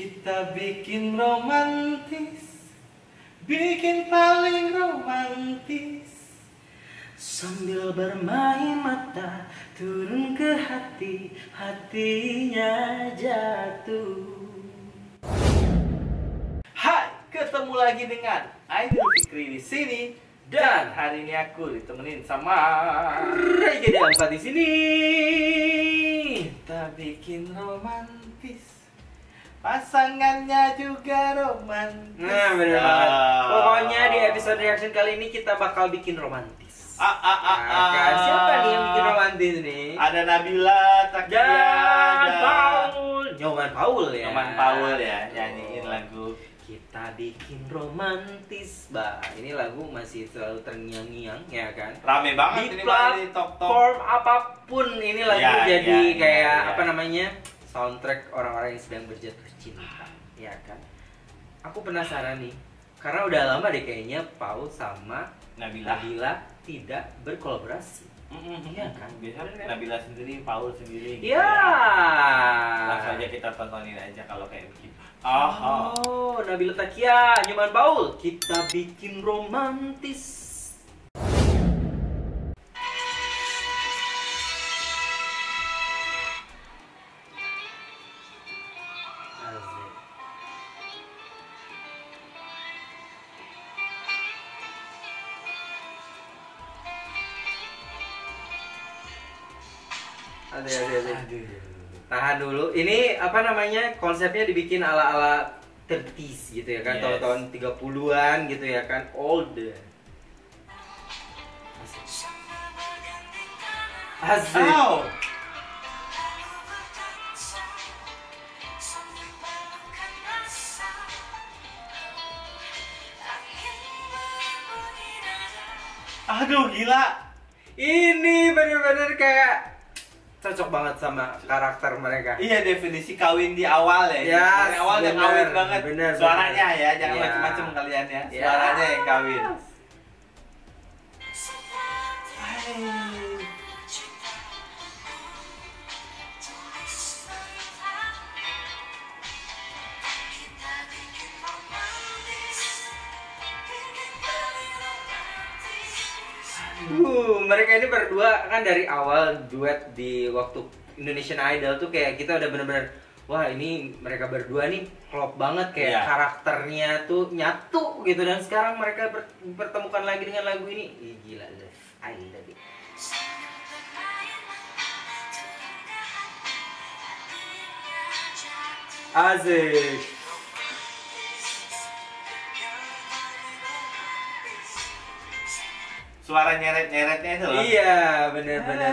Kita bikin romantis Bikin paling romantis Sambil bermain mata Turun ke hati Hatinya jatuh Hai, ketemu lagi dengan Aidil Fikri di sini dan hari ini aku ditemenin sama Rege Diampat di sini. Kita bikin romantis pasangannya juga romantis. Nah, benar ah. banget. Pokoknya di episode reaction kali ini kita bakal bikin romantis. Ah, ah, ah, nah, ah, ah. Kan? Siapa nih yang bikin romantis nih? Ada Nabila, Takia, dan Paul. Nyoman Paul ya. Nyoman Paul ya, nyanyiin oh. lagu kita bikin romantis bah ini lagu masih terlalu terngiang-ngiang ya kan rame banget di ini platform di top, top. apapun ini lagu ya, jadi ya, kayak ya, ya. apa iya. namanya soundtrack orang-orang yang sedang berjatuh cinta ya kan aku penasaran nih karena udah lama deh kayaknya Paul sama Nabila, Nabila tidak berkolaborasi Iya kan? Biasanya kan? Nabila sendiri, Paul sendiri iya. gitu ya. ya. Langsung aja kita tontonin aja kalau kayak begitu. Oh, oh. oh Nabila Takia, Nyoman Paul, kita bikin romantis. aduh, aduh, aduh. Tahan dulu. Ini apa namanya? Konsepnya dibikin ala-ala tertis gitu ya kan, yes. tahun-tahun 30-an gitu ya kan, old. Asik. Asik. Aduh gila. Ini bener-bener kayak cocok banget sama karakter mereka. Iya definisi kawin di awal ya. Yes, Dari awal bener, kawin banget. Bener, Suaranya bener. ya, jangan yeah. macam-macam kalian ya. Suaranya yes. yang kawin. Hai. Uh, mereka ini berdua kan dari awal duet di waktu Indonesian Idol tuh kayak kita udah bener-bener wah ini mereka berdua nih klop banget kayak yeah. karakternya tuh nyatu gitu dan sekarang mereka ber bertemukan lagi dengan lagu ini Ih, gila deh I love it. Aziz suara nyeret-nyeretnya itu loh. Iya, benar-benar.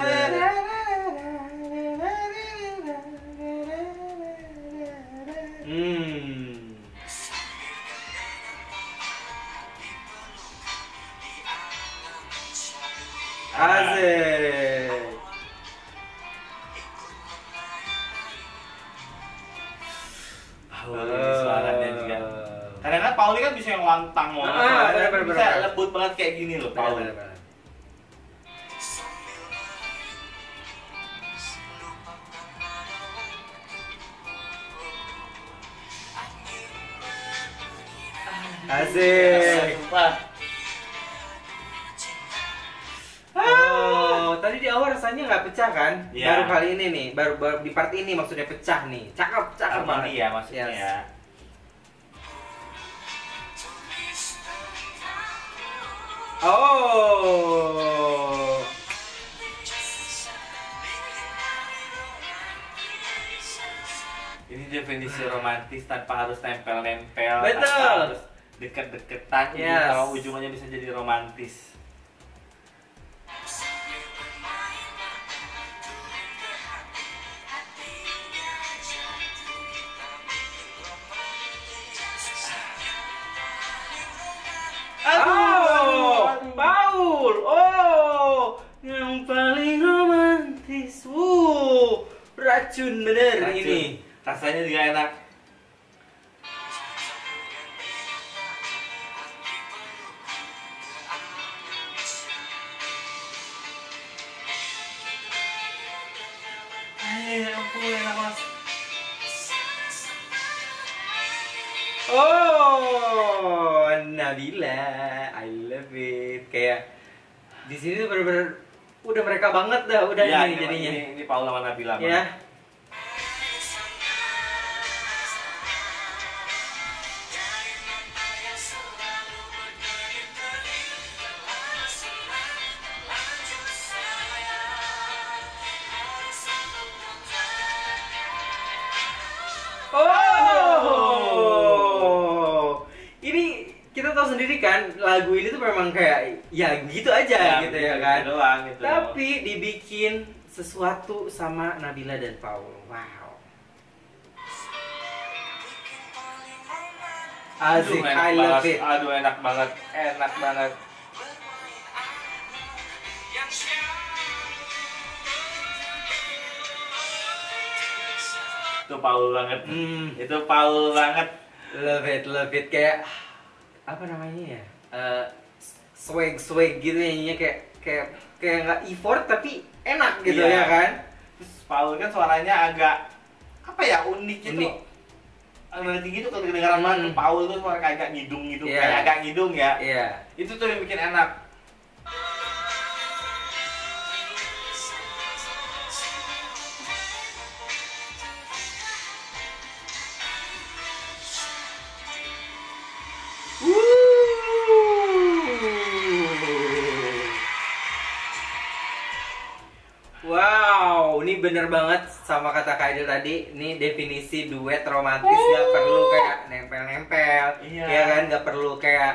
Hmm. karena Pauli kan bisa yang lantang loh. Ah, bener, kan? bisa bener, lembut banget kayak gini loh iya, Pauli. Bener, Asik. Oh, tadi di awal rasanya nggak pecah kan? Ya. Baru kali ini nih, baru, baru di part ini maksudnya pecah nih. Cakep, cakep banget. ya maksudnya. Yes. Oh. Ini definisi romantis tanpa harus nempel-nempel. Betul. dekat harus deket-deketan. Yes. Kalau ujungnya bisa jadi romantis. racun bener racun. ini. Rasanya juga enak. Eh, ya ampun, enak mas. Oh, Nabila, I love it. Kayak di sini tuh bener-bener udah mereka banget dah udah ya, ini, ini jadinya. Ini, ini Paula sama Nabila. Ya. Banget. kan lagu ini tuh memang kayak ya gitu aja ya, gitu ya kan gitu doang, gitu tapi doang. dibikin sesuatu sama Nabila dan Paul wow Azik, aduh, I love banget. it. Aduh enak banget, enak banget. Itu Paul banget. Hmm. Itu Paul banget. Love it, love it kayak apa namanya ya uh, swag swag gitu ya kayak kayak kayak nggak effort tapi enak gitu yeah. ya kan terus Paul kan suaranya agak apa ya unik gitu unik. Agak tinggi tuh kedengaran hmm. banget Paul tuh suara kayak agak ngidung gitu yeah. kayak agak ngidung ya yeah. itu tuh yang bikin enak banget sama kata kaido tadi ini definisi duet romantis nggak perlu kayak nempel-nempel iya. ya kan nggak perlu kayak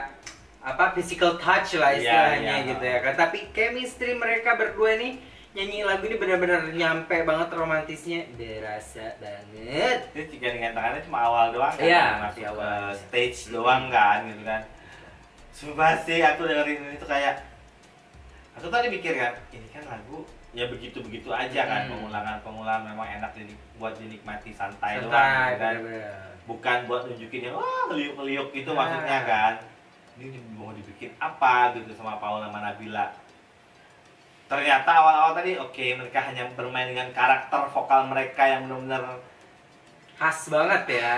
apa physical touch lah iya, istilahnya iya, iya. gitu ya kan tapi chemistry mereka berdua nih nyanyi lagu ini benar-benar nyampe banget romantisnya berasa banget itu juga dengan tangannya cuma awal doang kan iya, masih awal stage doang kan gitu kan sumpah sih aku dengerin itu kayak aku tadi mikir kan ini kan lagu ya begitu begitu aja kan hmm. pengulangan pengulangan memang enak dinik, buat dinikmati santai, santai doang gitu kan bener. bukan buat nunjukin yang wah meliuk meliuk itu nah. maksudnya kan ini mau dibikin apa gitu sama Paul sama Nabila ternyata awal-awal tadi oke okay, mereka hanya bermain dengan karakter vokal mereka yang benar-benar khas banget ya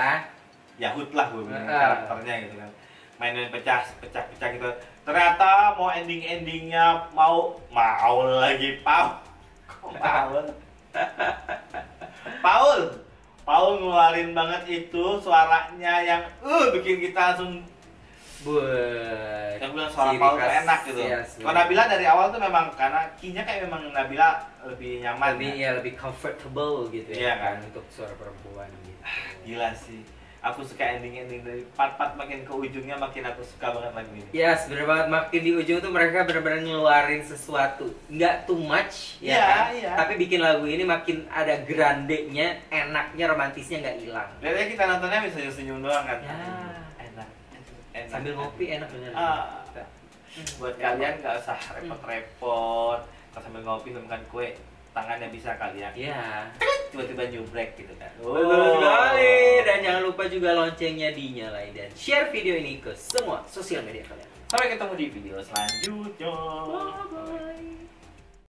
Yahut lah gue bilang uh. karakternya gitu kan main-main pecah pecah pecah gitu ternyata mau ending endingnya mau mau lagi pau Paul. Paul. Paul ngeluarin banget itu suaranya yang uh bikin kita langsung buat yang bilang suara Paul tuh enak gitu. Iya, Kalau Nabila dari awal tuh memang karena kinya kayak memang Nabila lebih nyaman. Lebih kan? ya iya, lebih comfortable gitu ya, iya, kan? kan untuk suara perempuan gitu. Ah, gila sih aku suka ending ending dari part-part makin ke ujungnya makin aku suka banget lagu ini. Ya yes, bener banget makin di ujung tuh mereka benar-benar ngeluarin sesuatu, nggak too much ya yeah, kan, yeah. tapi bikin lagu ini makin ada grandenya, enaknya, romantisnya nggak hilang. Lihatnya kita nontonnya bisa senyum doang kan. Yeah. Enak. enak. Sambil ngopi enak bener. Uh, Buat kalian nggak usah hmm. repot-repot, kalau sambil ngopi sambil kue tangannya bisa kali ya iya tiba-tiba jubrek gitu kan oh. betul sekali dan jangan lupa juga loncengnya dinyalain dan share video ini ke semua sosial media kalian sampai ketemu di video selanjutnya bye bye